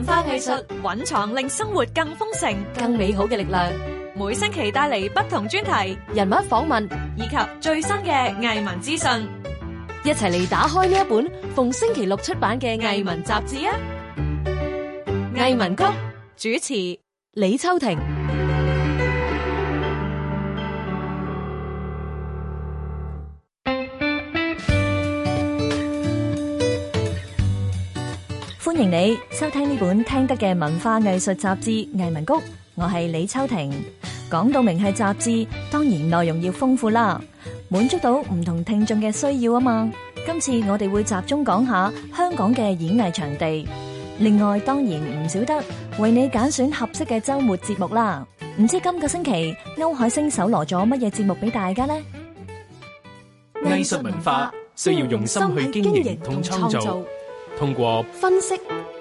文化藝術蘊藏令生活更豐盛、更美好嘅力量。每星期帶嚟，不同專題、人物訪問以及最新嘅藝文資訊，一齊嚟打開呢一本逢星期六出版嘅藝文雜誌啊！藝文谷主持李秋婷。歡迎你收聽呢本聽得嘅文化藝術雜誌藝文谷，我係李秋婷。講到明係雜誌，當然內容要豐富啦，滿足到唔同聽眾嘅需要啊嘛。今次我哋會集中講下香港嘅演藝場地。另外，當然唔少得為你揀選，選合適嘅周末節目啦。唔知今個星期歐海星搜羅咗乜嘢節目俾大家呢？藝術文化，術文化需要用心去經營同創造。通過分析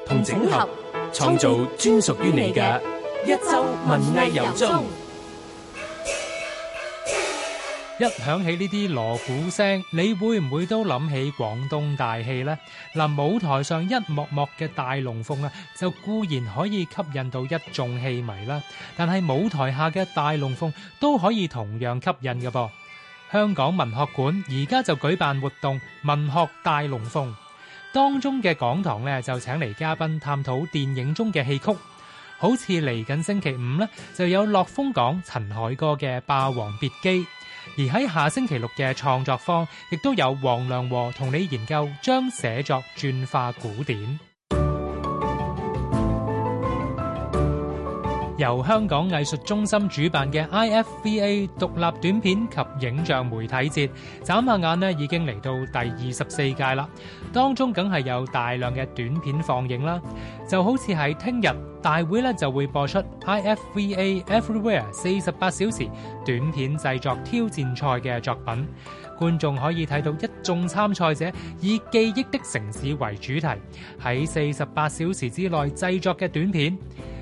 同整合，創造專屬於你嘅一週文藝遊蹤。一響起呢啲鑼鼓聲，你會唔會都諗起廣東大戲呢？嗱，舞台上一幕幕嘅大龍鳳啊，就固然可以吸引到一眾戲迷啦。但係舞台下嘅大龍鳳都可以同樣吸引嘅噃。香港文學館而家就舉辦活動，文學大龍鳳。當中嘅講堂咧，就請嚟嘉賓探討電影中嘅戲曲，好似嚟緊星期五呢，就有樂風講陳凱歌嘅《霸王別姬》，而喺下星期六嘅創作坊，亦都有黃良和同你研究將寫作轉化古典。由香港藝術中心主辦嘅 IFVA 獨立短片及影像媒體節，眨下眼已經嚟到第二十四屆啦。當中梗係有大量嘅短片放映啦，就好似係聽日大會咧就會播出 IFVA Everywhere 四十八小時短片製作挑戰賽嘅作品。觀眾可以睇到一眾參賽者以記憶的城市為主題，喺四十八小時之內製作嘅短片。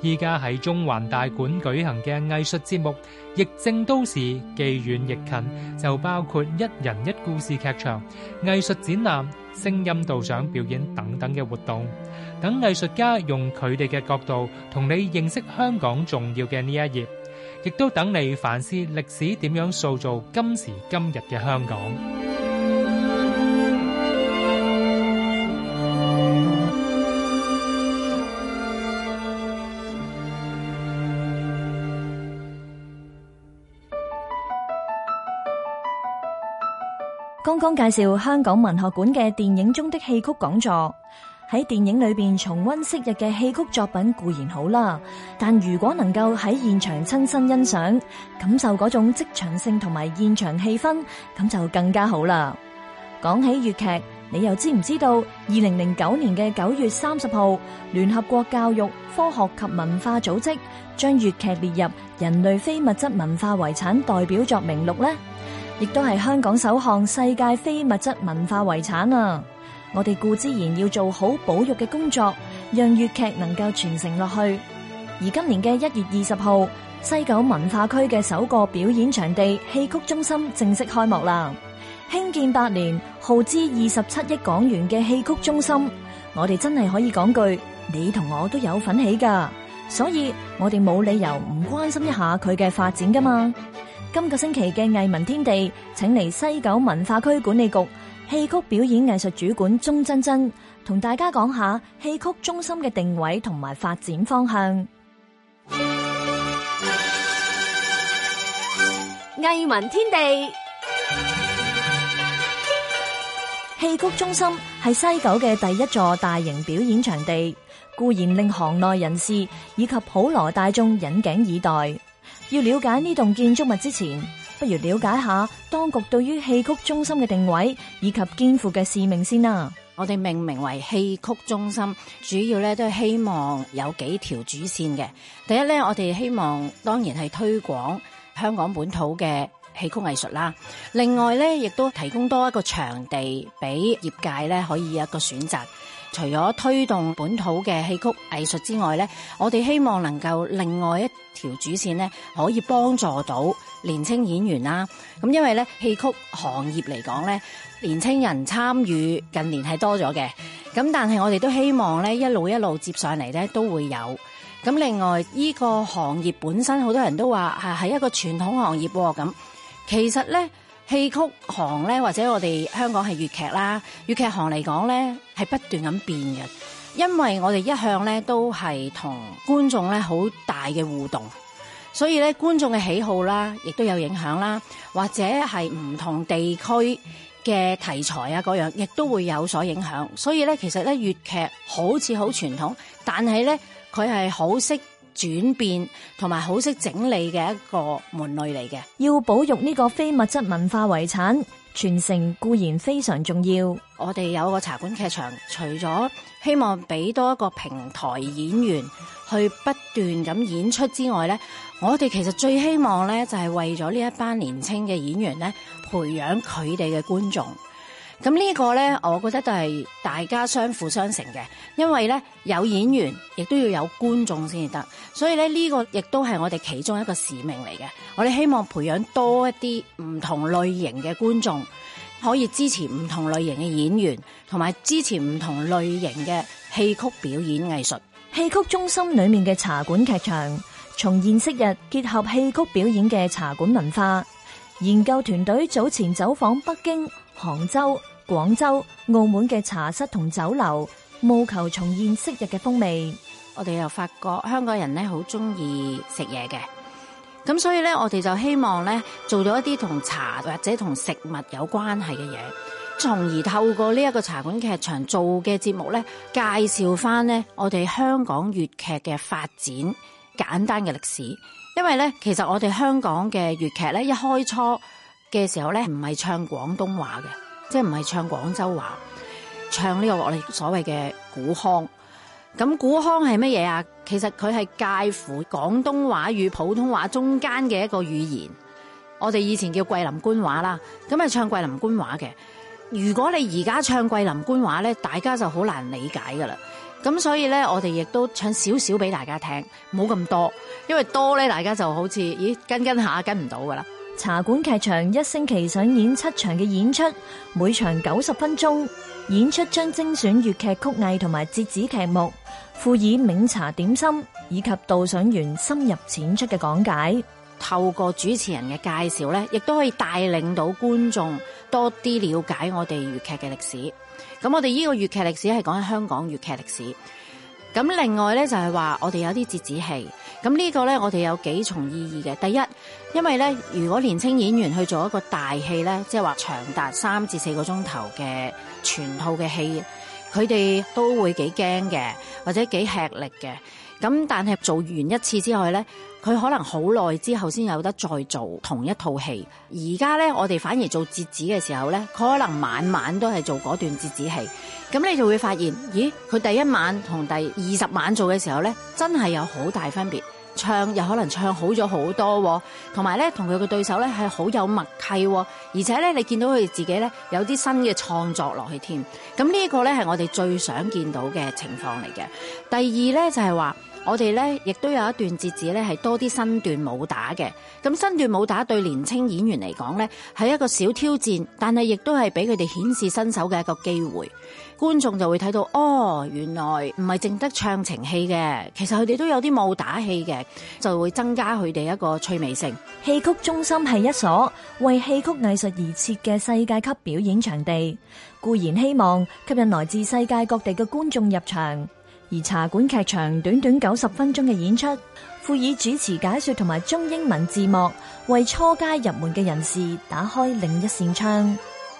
依家喺中環大館舉行嘅藝術節目，亦正都市，既遠亦近，就包括一人一故事劇場、藝術展覽、聲音導賞表演等等嘅活動，等藝術家用佢哋嘅角度同你認識香港重要嘅呢一頁，亦都等你反思歷史點樣塑造今時今日嘅香港。剛剛介紹香港文學館嘅電影中的戲曲講座，喺電影裏邊重溫昔日嘅戲曲作品固然好啦，但如果能夠喺現場親身欣賞，感受嗰種即場性同埋現場氣氛，咁就更加好啦。講起粵劇，你又知唔知道二零零九年嘅九月三十號，聯合國教育、科學及文化組織將粵劇列入人類非物質文化遺產代表作名錄呢？亦都係香港首項世界非物質文化遺產啊！我哋固之然要做好保育嘅工作，讓粵劇能夠傳承落去。而今年嘅一月二十號，西九文化區嘅首個表演場地戲曲中心正式開幕啦！興建八年，耗資二十七億港元嘅戲曲中心，我哋真係可以講句，你同我都有份起噶，所以我哋冇理由唔關心一下佢嘅發展噶嘛！今個星期嘅藝文天地，請嚟西九文化區管理局戲曲表演藝術主管鍾珍珍，同大家講下戲曲中心嘅定位同埋發展方向。藝文天地。戲曲中心係西九嘅第一座大型表演場地，固然令行內人士以及普羅大眾引頸以待。要了解呢棟建築物之前，不如了解下當局對於戲曲中心嘅定位以及肩負嘅使命先啦。我哋命名為戲曲中心，主要咧都係希望有幾條主線嘅。第一咧，我哋希望當然係推廣香港本土嘅戲曲藝術啦。另外咧，亦都提供多一個場地俾業界咧可以有一個選擇。除咗推動本土嘅戲曲藝術之外呢，我哋希望能夠另外一條主線呢，可以幫助到年輕演員啦。咁因為呢，戲曲行業嚟講呢，年輕人參與近年係多咗嘅。咁但係我哋都希望呢，一路一路接上嚟呢都會有。咁另外呢、這個行業本身好多人都話係一個傳統行業喎。咁其實呢。戲曲行咧，或者我哋香港係粵劇啦，粵劇行嚟講咧，係不斷咁變嘅，因為我哋一向咧都係同觀眾咧好大嘅互動，所以咧觀眾嘅喜好啦，亦都有影響啦，或者係唔同地區嘅題材啊嗰樣，亦都會有所影響，所以咧其實咧粵劇好似好傳統，但係咧佢係好識。轉變同埋好識整理嘅一個門類嚟嘅，要保育呢個非物質文化遺產傳承固然非常重要。我哋有個茶館劇場，除咗希望俾多一個平台演員去不斷咁演出之外呢，我哋其實最希望呢就係為咗呢一班年輕嘅演員呢，培養佢哋嘅觀眾。咁呢個呢，我覺得都係大家相輔相成嘅，因為呢，有演員，亦都要有觀眾先至得，所以呢，呢個亦都係我哋其中一個使命嚟嘅。我哋希望培養多一啲唔同類型嘅觀眾，可以支持唔同類型嘅演員，同埋支持唔同類型嘅戲曲表演藝術。戲曲中心裏面嘅茶館劇場，從現昔日結合戲曲表演嘅茶館文化，研究團隊早前走訪北京、杭州、廣州、澳門嘅茶室同酒樓，務求重現昔日嘅風味。我哋又發覺香港人咧，好中意食嘢嘅，咁所以咧，我哋就希望咧做咗一啲同茶或者同食物有關係嘅嘢，從而透過呢一個茶館劇場做嘅節目咧，介紹翻咧，我哋香港粵劇嘅發展簡單嘅歷史。因為咧，其實我哋香港嘅粵劇咧，一開初嘅時候咧，唔係唱廣東話嘅。即係唔係唱廣州話，唱呢個我哋所謂嘅古腔。咁古腔係乜嘢啊？其實佢係介乎廣東話與普通話中間嘅一個語言。我哋以前叫桂林官話啦，咁係唱桂林官話嘅。如果你而家唱桂林官話呢，大家就好難理解噶啦。咁所以呢，我哋亦都唱少少俾大家聽，冇咁多，因為多呢，大家就好似咦，跟跟下，跟唔到噶啦。茶館劇場一星期上演七場嘅演出，每場九十分鐘。演出將精選粵劇曲藝同埋折子劇目，附以茗茶點心以及導賞員深入淺出嘅講解。透過主持人嘅介紹咧，亦都可以帶領到觀眾多啲了解我哋粵劇嘅歷史。咁我哋呢個粵劇歷史係講香港粵劇歷史。咁另外咧就係話，我哋有啲折子戲，咁呢個咧我哋有幾重意義嘅。第一，因為咧如果年青演員去做一個大戲咧，即係話長達三至四個鐘頭嘅全套嘅戲，佢哋都會幾驚嘅，或者幾吃力嘅。咁但係做完一次之後咧。佢可能好耐之後先有得再做同一套戲，而家呢，我哋反而做折子嘅時候呢，佢可能晚晚都係做嗰段折子戲。咁你就會發現，咦？佢第一晚同第二十晚做嘅時候呢，真係有好大分別，唱又可能唱好咗好多、哦，同埋呢，同佢嘅對手呢係好有默契、哦，而且呢，你見到佢自己呢，有啲新嘅創作落去添。咁呢一個呢，係我哋最想見到嘅情況嚟嘅。第二呢，就係話。我哋咧，亦都有一段節目咧，係多啲身段武打嘅。咁身段武打對年輕演員嚟講咧，係一個小挑戰，但係亦都係俾佢哋顯示身手嘅一個機會。觀眾就會睇到哦，原來唔係淨得唱情戲嘅，其實佢哋都有啲武打戲嘅，就會增加佢哋一個趣味性。戲曲中心係一所為戲曲藝術而設嘅世界級表演場地，固然希望吸引來自世界各地嘅觀眾入場。而茶館劇場短短九十分鐘嘅演出，輔以主持解說同埋中英文字幕，為初階入門嘅人士打開另一扇窗。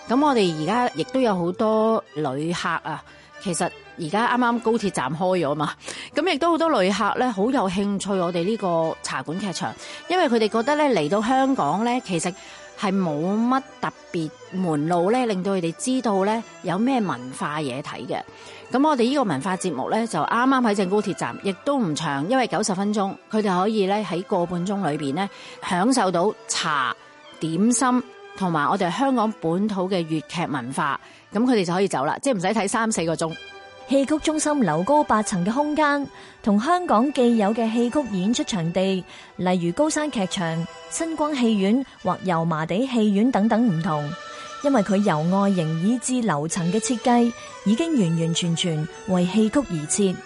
咁我哋而家亦都有好多旅客啊！其實而家啱啱高鐵站開咗嘛，咁亦都好多旅客咧，好有興趣我哋呢個茶館劇場，因為佢哋覺得咧，嚟到香港咧，其實。係冇乜特別門路咧，令到佢哋知道咧有咩文化嘢睇嘅。咁我哋呢個文化節目咧就啱啱喺正高鐵站，亦都唔長，因為九十分鐘，佢哋可以咧喺個半鐘裏面咧享受到茶點心同埋我哋香港本土嘅粵劇文化。咁佢哋就可以走啦，即係唔使睇三四個鐘。戲曲中心樓高八層嘅空間，同香港既有嘅戲曲演出場地，例如高山劇場、新光戲院或油麻地戲院等等唔同，因為佢由外形以至樓層嘅設計，已經完完全全為戲曲而設。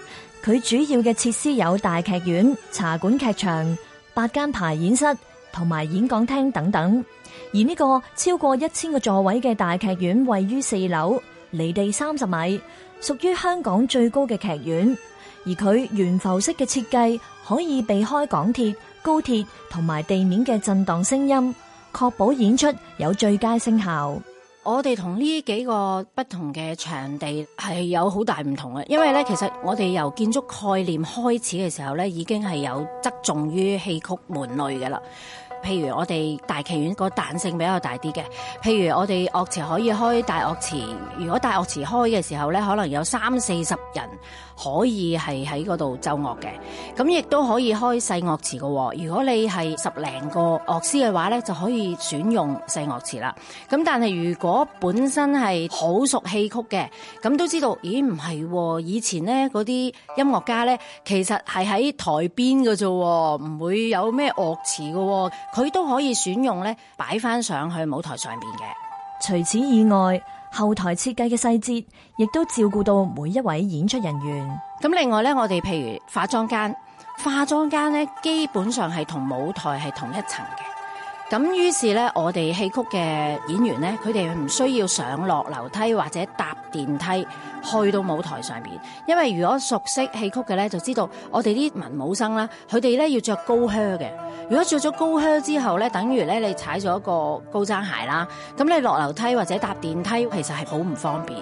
佢主要嘅設施有大劇院、茶館劇場、八間排演室同埋演講廳等等。而呢個超過一千個座位嘅大劇院位於四樓。離地三十米，屬於香港最高嘅劇院，而佢懸浮式嘅設計可以避開港鐵、高鐵同埋地面嘅震盪聲音，確保演出有最佳聲效。我哋同呢幾個不同嘅場地係有好大唔同嘅，因為咧，其實我哋由建築概念開始嘅時候咧，已經係有側重於戲曲門類嘅啦。譬如我哋大劇院個彈性比較大啲嘅，譬如我哋樂池可以開大樂池，如果大樂池開嘅時候呢，可能有三四十人可以係喺嗰度奏樂嘅，咁亦都可以開細樂池喎。如果你係十零個樂師嘅話呢，就可以選用細樂池啦。咁但係如果本身係好熟戲曲嘅，咁都知道，咦唔係、哦，以前呢嗰啲音樂家呢，其實係喺台邊嘅啫，唔會有咩樂池嘅。佢都可以選用咧，擺翻上去舞台上邊嘅。除此以外，後台設計嘅細節亦都照顧到每一位演出人員。咁另外咧，我哋譬如化妝間，化妝間咧基本上係同舞台係同一層嘅。咁於是呢，我哋戲曲嘅演員呢，佢哋唔需要上落樓梯或者搭電梯去到舞台上面，因為如果熟悉戲曲嘅呢，就知道我哋啲文武生啦，佢哋呢要着高靴嘅。如果着咗高靴之後呢，等於呢你踩咗一個高踭鞋啦，咁你落樓梯或者搭電梯，其實係好唔方便。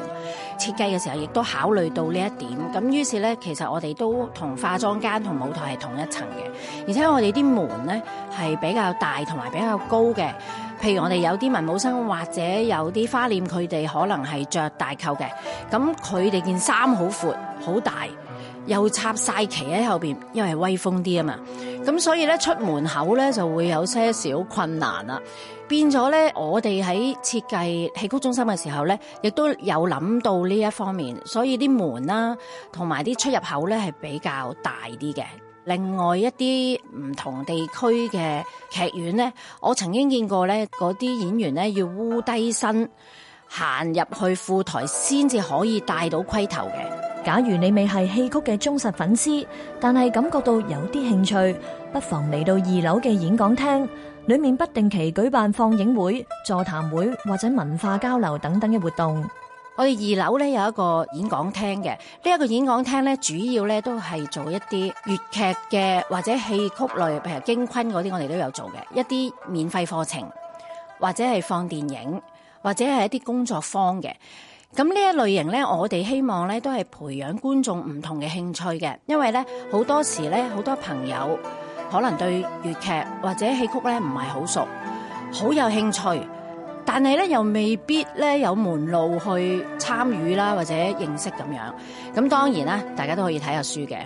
設計嘅時候亦都考慮到呢一點，咁於是呢，其實我哋都同化妝間同舞台係同一層嘅，而且我哋啲門呢係比較大同埋比較高嘅。譬如我哋有啲文武生或者有啲花臉，佢哋可能係着大扣嘅，咁佢哋件衫好闊好大，又插晒旗喺後邊，因為威風啲啊嘛，咁所以呢，出門口呢就會有些少困難啦。變咗咧，我哋喺設計戲曲中心嘅時候咧，亦都有諗到呢一方面，所以啲門啦同埋啲出入口咧係比較大啲嘅。另外一啲唔同地區嘅劇院咧，我曾經見過咧，嗰啲演員咧要屈低身行入去副台先至可以戴到盔頭嘅。假如你未係戲曲嘅忠實粉絲，但係感覺到有啲興趣，不妨嚟到二樓嘅演講廳。裏面不定期舉辦放映會、座談會或者文化交流等等嘅活動。我哋二樓咧有一個演講廳嘅，呢一個演講廳咧主要咧都係做一啲粵劇嘅或者戲曲類，譬如京昆嗰啲我哋都有做嘅，一啲免費課程或者係放電影或者係一啲工作坊嘅。咁呢一類型咧，我哋希望咧都係培養觀眾唔同嘅興趣嘅，因為咧好多時咧好多朋友。可能對粵劇或者戲曲咧唔係好熟，好有興趣，但係咧又未必咧有門路去參與啦，或者認識咁樣。咁當然啦，大家都可以睇下書嘅。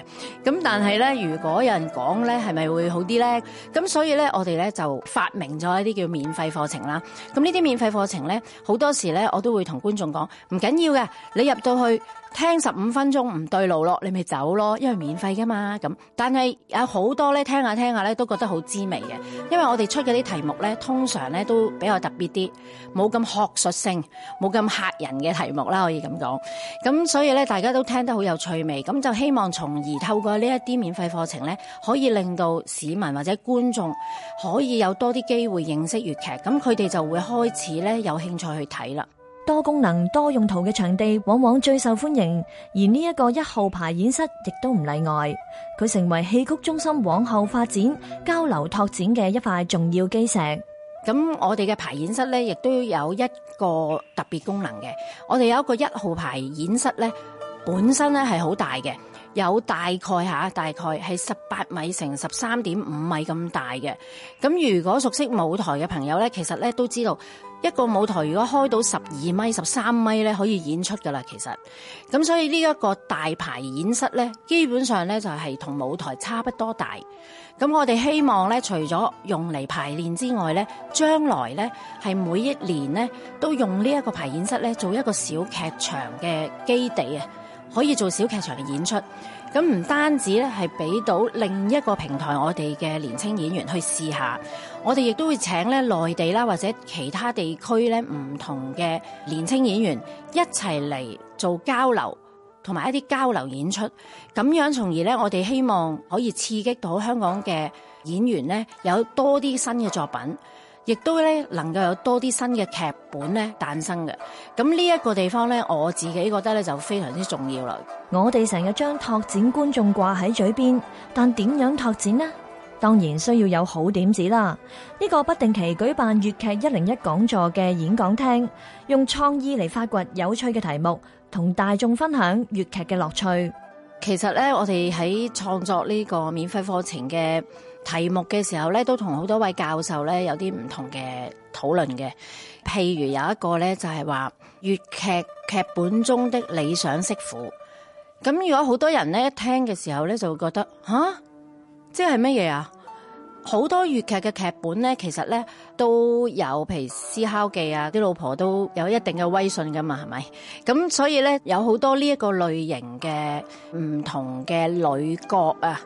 咁但係咧，如果有人講咧，係咪會好啲咧？咁所以咧，我哋咧就發明咗一啲叫免費課程啦。咁呢啲免費課程咧，好多時咧我都會同觀眾講，唔緊要嘅，你入到去，聽十五分鐘唔對路咯，你咪走咯，因為免費噶嘛。咁，但係有好多咧聽下聽下咧都覺得好滋味嘅，因為我哋出嘅啲題目咧通常咧都比較特別啲，冇咁學術性，冇咁吓人嘅題目啦，可以咁講。咁所以咧，大家都聽得好有趣味，咁就希望從而透過呢一啲免費課程咧，可以令到市民或者觀眾可以有多啲機會認識粵劇，咁佢哋就會開始咧有興趣去睇啦。多功能多用途嘅場地往往最受歡迎，而呢一個一號排演室亦都唔例外。佢成為戲曲中心往後發展交流拓展嘅一塊重要基石。咁我哋嘅排演室咧，亦都有一個特別功能嘅。我哋有一個一號排演室咧，本身咧係好大嘅，有大概吓，大概係十八米乘十三點五米咁大嘅。咁如果熟悉舞台嘅朋友咧，其實咧都知道。一個舞台如果開到十二米、十三米咧，可以演出㗎啦。其實，咁所以呢一個大排演室咧，基本上咧就係同舞台差不多大。咁我哋希望咧，除咗用嚟排練之外咧，將來咧係每一年咧都用呢一個排演室咧做一個小劇場嘅基地啊，可以做小劇場嘅演出。咁唔單止咧，係俾到另一個平台我哋嘅年輕演員去試下，我哋亦都會請咧內地啦或者其他地區咧唔同嘅年輕演員一齊嚟做交流，同埋一啲交流演出，咁樣從而咧，我哋希望可以刺激到香港嘅演員咧有多啲新嘅作品。亦都咧，能夠有多啲新嘅劇本咧誕生嘅。咁呢一個地方咧，我自己覺得咧就非常之重要啦。我哋成日將拓展觀眾掛喺嘴邊，但點樣拓展呢？當然需要有好點子啦。呢個不定期舉辦粵劇一零一講座嘅演講廳，用創意嚟發掘有趣嘅題目，同大眾分享粵劇嘅樂趣。其實咧，我哋喺創作呢個免費課程嘅題目嘅時候咧，都同好多位教授咧有啲唔同嘅討論嘅。譬如有一個咧，就係話粵劇劇本中的理想媳婦。咁如果好多人咧一聽嘅時候咧，就會覺得吓，即係乜嘢啊？好多粵劇嘅劇本咧，其實咧都有譬如《思考記》啊，啲老婆都有一定嘅威信㗎嘛，係咪？咁所以咧，有好多呢一個類型嘅唔同嘅女角啊。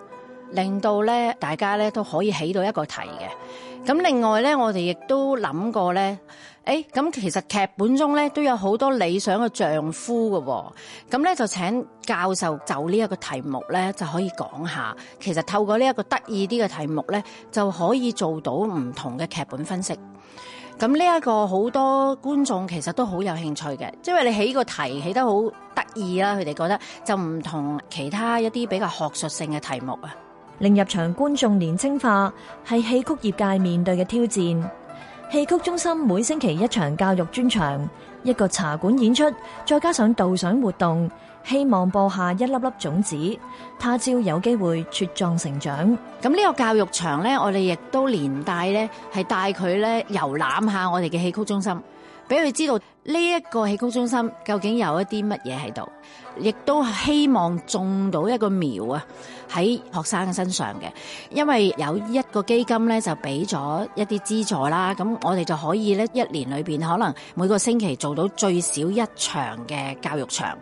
令到咧，大家咧都可以起到一個題嘅。咁另外咧，我哋亦都諗過咧，誒咁其實劇本中咧都有好多理想嘅丈夫嘅。咁咧就請教授就呢一個題目咧就可以講下。其實透過呢一個得意啲嘅題目咧就可以做到唔同嘅劇本分析。咁呢一個好多觀眾其實都好有興趣嘅，因為你起個題起得好得意啦，佢哋覺得就唔同其他一啲比較學術性嘅題目啊。令入場觀眾年輕化係戲曲業界面對嘅挑戰。戲曲中心每星期一場教育專場，一個茶館演出，再加上導賞活動，希望播下一粒粒種子，他朝有機會茁壯成長。咁呢個教育場呢，我哋亦都連帶呢，係帶佢呢遊覽下我哋嘅戲曲中心。俾佢知道呢一個戲曲中心究竟有一啲乜嘢喺度，亦都希望種到一個苗啊喺學生嘅身上嘅，因為有一個基金呢，就俾咗一啲資助啦，咁我哋就可以呢，一年裏面可能每個星期做到最少一場嘅教育場，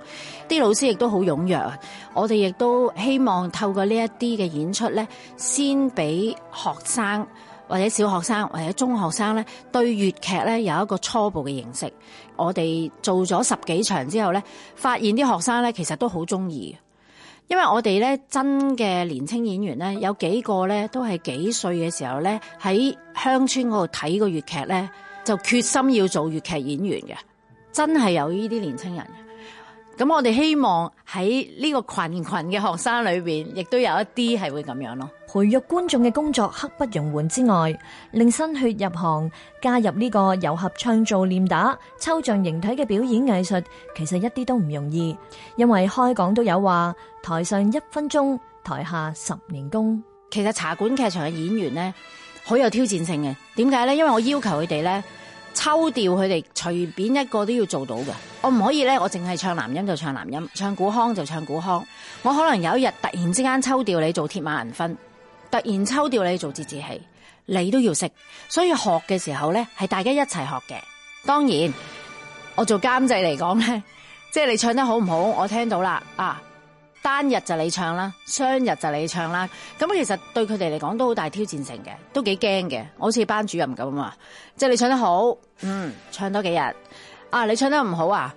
啲老師亦都好踴躍，我哋亦都希望透過呢一啲嘅演出呢，先俾學生，或者小學生或者中學生咧，對粵劇咧有一個初步嘅認識，我哋做咗十幾場之後咧，發現啲學生咧其實都好中意。因為我哋咧真嘅年青演員咧有幾個咧都係幾歲嘅時候咧喺鄉村嗰度睇過粵劇咧，就決心要做粵劇演員嘅，真係有呢啲年青人。咁我哋希望喺呢個群群嘅學生裏邊，亦都有一啲係會咁樣咯。培育觀眾嘅工作刻不容緩之外，令新血入行加入呢個有合唱做念打抽象形體嘅表演藝術，其實一啲都唔容易。因為開講都有話，台上一分鐘，台下十年功。其實茶館劇場嘅演員呢，好有挑戰性嘅。點解呢？因為我要求佢哋呢。抽調佢哋隨便一個都要做到嘅，我唔可以呢，我淨係唱男音就唱男音，唱古腔就唱古腔。我可能有一日突然之間抽調你做鐵馬銀婚，突然抽調你做折子戲，你都要識。所以學嘅時候呢，係大家一齊學嘅。當然，我做監製嚟講呢，即係你唱得好唔好，我聽到啦啊。單日就你唱啦，雙日就你唱啦。咁其實對佢哋嚟講都好大挑戰性嘅，都幾驚嘅。我好似班主任咁啊，即係你唱得好，嗯，唱多幾日。啊，你唱得唔好啊，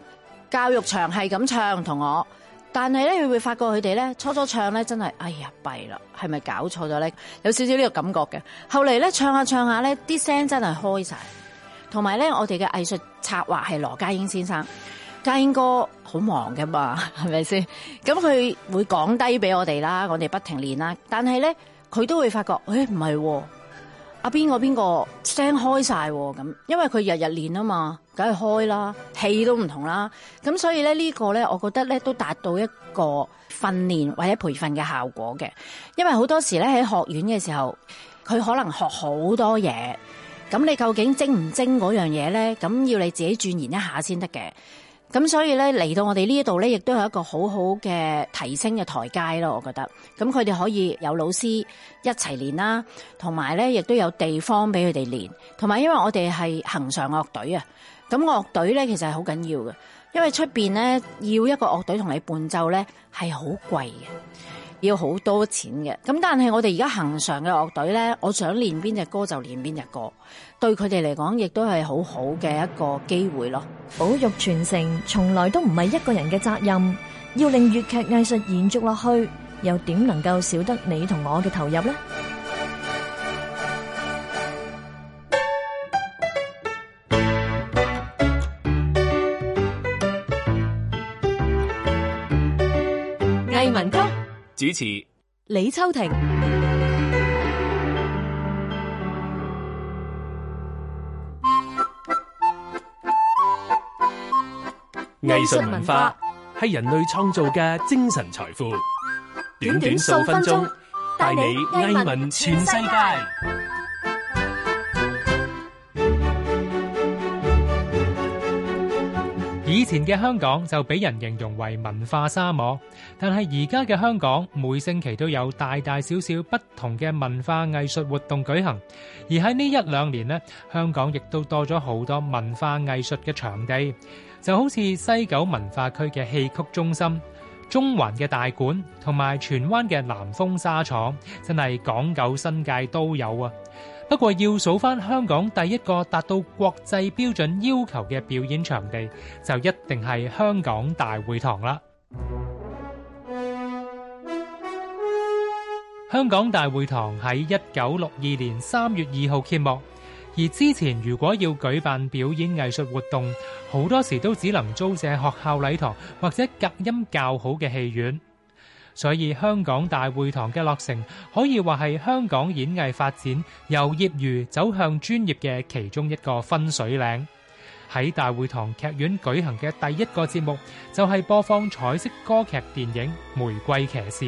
教育場係咁唱同我。但係咧，你會發覺佢哋咧初初唱咧真係，哎呀，弊啦，係咪搞錯咗咧？有少少呢個感覺嘅。後嚟咧，唱下唱下咧，啲聲真係開晒。同埋咧，我哋嘅藝術策劃係羅家英先生。嘉英哥好忙㗎嘛，係咪先？咁佢會講低俾我哋啦，我哋不停練啦。但係咧，佢都會發覺，誒唔係阿邊個邊個聲開曬咁、啊，因為佢日日練啊嘛，梗係開啦，氣都唔同啦。咁所以咧呢個咧，我覺得咧都達到一個訓練或者培訓嘅效果嘅。因為好多時咧喺學院嘅時候，佢可能學好多嘢，咁你究竟精唔精嗰樣嘢咧？咁要你自己鑽研一下先得嘅。咁所以咧嚟到我哋呢一度咧，亦都係一個好好嘅提升嘅台階咯，我覺得。咁佢哋可以有老師一齊練啦，同埋咧亦都有地方俾佢哋練。同埋，因為我哋係行上樂隊啊，咁樂隊咧其實係好緊要嘅，因為出邊咧要一個樂隊同你伴奏咧係好貴嘅。要好多錢嘅，咁但係我哋而家行常嘅樂隊呢，我想練邊隻歌就練邊隻歌，對佢哋嚟講亦都係好好嘅一個機會咯。保育傳承從來都唔係一個人嘅責任，要令粵劇藝術延續落去，又點能夠少得你同我嘅投入呢？主持李秋婷，藝術文化係人類創造嘅精神財富。短短數分鐘，帶你藝聞全世界。以前嘅香港就俾人形容為文化沙漠，但係而家嘅香港每星期都有大大小小不同嘅文化藝術活動舉行。而喺呢一兩年呢，香港亦都多咗好多文化藝術嘅場地，就好似西九文化區嘅戲曲中心、中環嘅大館同埋荃灣嘅南風紗廠，真係港九新界都有啊。不過要數翻香港第一個達到國際標準要求嘅表演場地，就一定係香港大會堂啦。香港大會堂喺一九六二年三月二號揭幕，而之前如果要舉辦表演藝術活動，好多時都只能租借學校禮堂或者隔音較好嘅戲院。所以香港大會堂嘅落成，可以話係香港演藝發展由業餘走向專業嘅其中一個分水嶺。喺大會堂劇院舉行嘅第一個節目，就係播放彩色歌劇電影《玫瑰騎士》。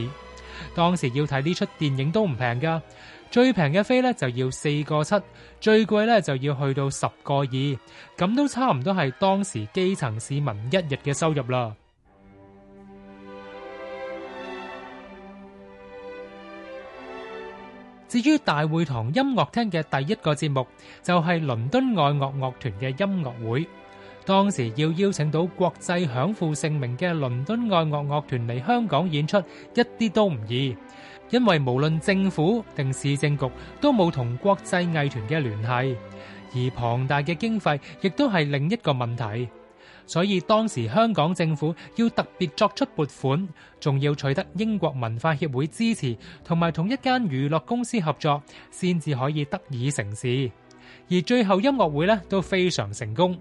當時要睇呢齣電影都唔平噶，最平嘅飛咧就要四個七，最貴咧就要去到十個二，咁都差唔多係當時基層市民一日嘅收入啦。至於大會堂音樂廳嘅第一個節目，就係倫敦愛樂樂團嘅音樂會。當時要邀請到國際享負盛名嘅倫敦愛樂樂團嚟香港演出，一啲都唔易，因為無論政府定市政局都冇同國際藝團嘅聯繫，而龐大嘅經費亦都係另一個問題。所以當時香港政府要特別作出撥款，仲要取得英國文化協會支持，同埋同一間娛樂公司合作，先至可以得以成事。而最後音樂會咧都非常成功，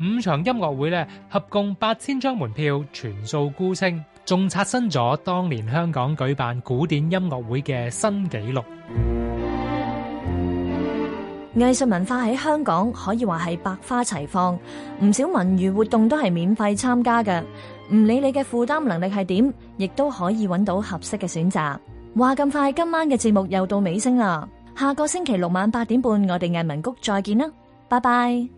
五場音樂會咧合共八千張門票，全數沽清，仲刷新咗當年香港舉辦古典音樂會嘅新紀錄。藝術文化喺香港可以話係百花齊放，唔少文娛活動都係免費參加嘅，唔理你嘅負擔能力係點，亦都可以揾到合適嘅選擇。話咁快，今晚嘅節目又到尾聲啦，下個星期六晚八點半，我哋藝文谷再見啦，拜拜。